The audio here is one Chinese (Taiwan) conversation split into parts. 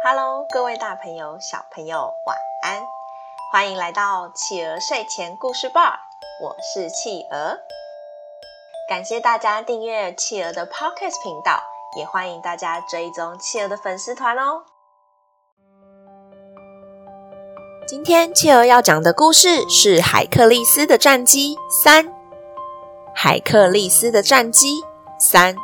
哈嘍，各位大朋友、小朋友，晚安！歡迎來到企鵝睡前故事吧，我是企鵝。感謝大家訂閱企鵝的 Podcast 頻道，也歡迎大家追蹤企鵝的粉絲團哦。今天企鵝要講的故事是海克力斯的戰績三，海克力斯的戰績三。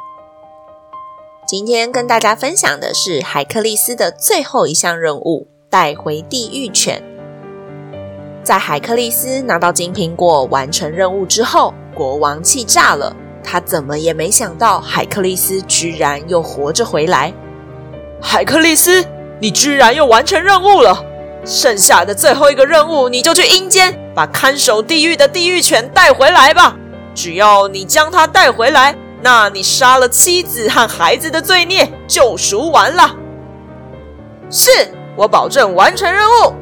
今天跟大家分享的是海克力斯的最後一項任務——帶回地獄犬。在海克力斯拿到金蘋果完成任務之後，國王氣炸了。他怎麼也沒想到，海克力斯居然又活着回來。海克力斯，你居然又完成任務了！剩下的最後一個任務，你就去陰間把看守地獄的地獄犬帶回來吧。只要你將它帶回來。那你殺了妻子和孩子的罪孽就贖完了。是，我保證完成任務。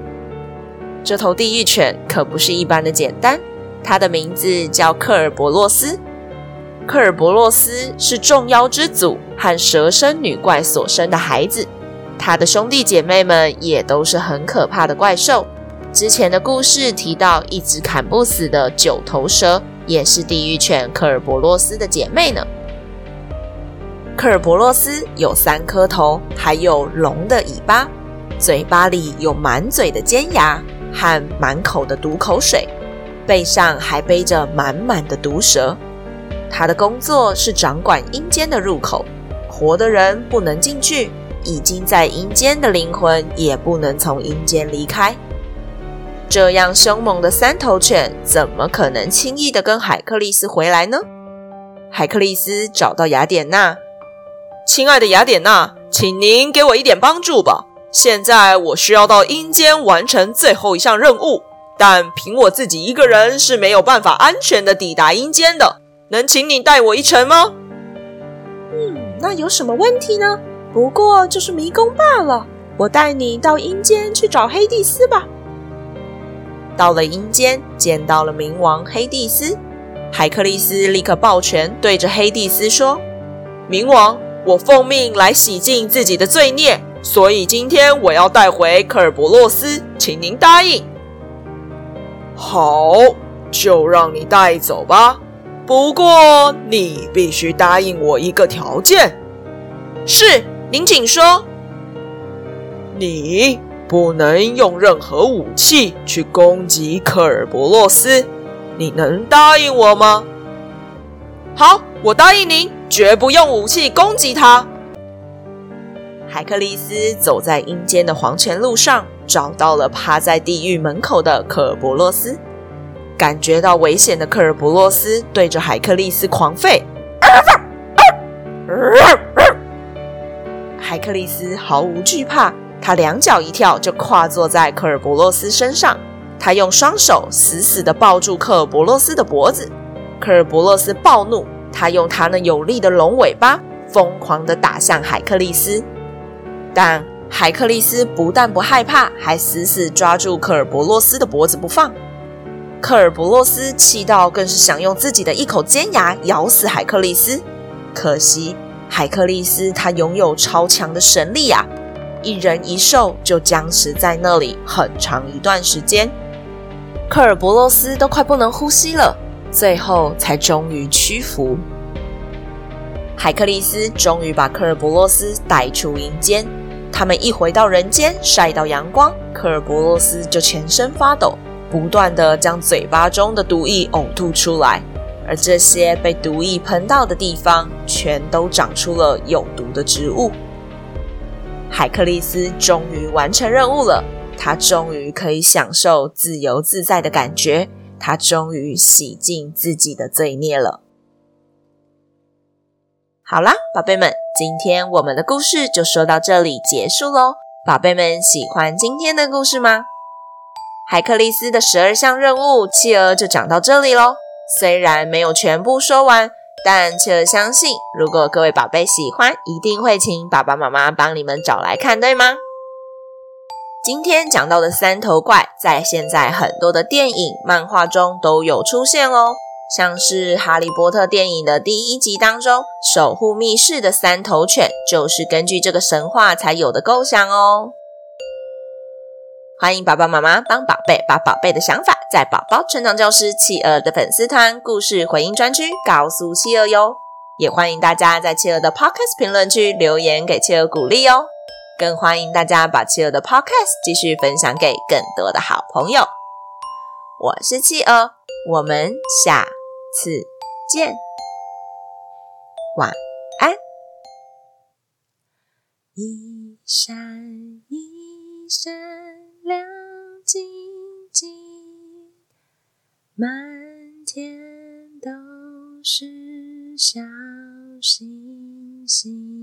這頭地獄犬可不是一般的簡單，它的名字叫科爾伯洛斯。科爾伯洛斯是眾妖之祖和蛇身女怪所生的孩子，他的兄弟姐妹們也都是很可怕的怪獸。之前的故事提到，一隻砍不死的九頭蛇。也是地獄犬科爾博洛斯的姐妹呢。科爾博洛斯有三顆頭，還有龍的尾巴，嘴巴裡有滿嘴的尖牙和滿口的毒口水，背上還背着滿滿的毒蛇。他的工作是掌管陰間的入口，活的人不能進去，已經在陰間的靈魂也不能從陰間離開。這樣兇猛的三頭犬怎麼可能輕易的跟海克力斯回來呢？海克力斯找到雅典娜，親愛的雅典娜，請您給我一點幫助吧。現在我需要到陰間完成最後一項任務，但憑我自己一個人是沒有辦法安全的抵達陰間的。能請你帶我一程嗎？嗯，那有什麼問題呢？不過就是迷宮罷了。我帶你到陰間去找黑蒂斯吧。到了陰間，見到了冥王黑帝斯，海克力斯立刻抱拳，對着黑帝斯說：“冥王，我奉命來洗淨自己的罪孽，所以今天我要帶回克爾伯洛斯，請您答應。好，就讓你帶走吧。不過你必須答應我一個條件。是，您請說。你。”不能用任何武器去攻擊克爾伯洛斯，你能答應我嗎？好，我答應您，絕不用武器攻擊他。海克力斯走在陰間的黃泉路上，找到了趴在地獄門口的克爾伯洛斯。感覺到危險的克爾伯洛斯對着海克力斯狂吠。 海克力斯毫無懼怕。他兩腳一跳，就跨坐在科爾博洛斯身上。他用雙手死死地抱住科爾博洛斯的脖子。科爾博洛斯暴怒，他用他那有力的龍尾巴瘋狂地打向海克力斯。但海克力斯不但不害怕，還死死抓住科爾博洛斯的脖子不放。科爾博洛斯氣到更是想用自己的一口尖牙咬死海克力斯，可惜海克力斯他擁有超強的神力啊！一人一獸就僵持在那裡很長一段時間，科爾伯洛斯都快不能呼吸了，最後才終於屈服。海克力斯終於把科爾伯洛斯帶出陰間。他們一回到人間，曬到陽光，科爾伯洛斯就全身發抖，不斷地將嘴巴中的毒液嘔吐出來，而這些被毒液噴到的地方，全都長出了有毒的植物。海克力斯終於完成任務了，他終於可以享受自由自在的感覺，他終於洗淨自己的罪孽了。好啦，寶貝們，今天我們的故事就說到這裡結束嘍。寶貝們，喜歡今天的故事嗎？海克力斯的十二項任務，企鵝就講到這裡嘍。雖然沒有全部說完。但卻相信，如果各位寶貝喜歡，一定會請爸爸媽媽幫你們找來看，對嗎？今天講到的三頭怪，在現在很多的電影、漫畫中都有出現哦。像是《哈利波特》電影的第一集當中，守護密室的三頭犬，就是根據這個神話才有的構想哦。歡迎爸爸媽媽幫寶貝把寶貝的想法，在寶寶成長教師企鵝的粉絲團故事回應專區告訴企鵝喲。也歡迎大家在企鵝的 Podcast 評論區留言給企鵝鼓勵喲。更歡迎大家把企鵝的 Podcast 繼續分享給更多的好朋友。我是企鵝，我們下次見，晚安。一閃一閃。滿天都是小星星。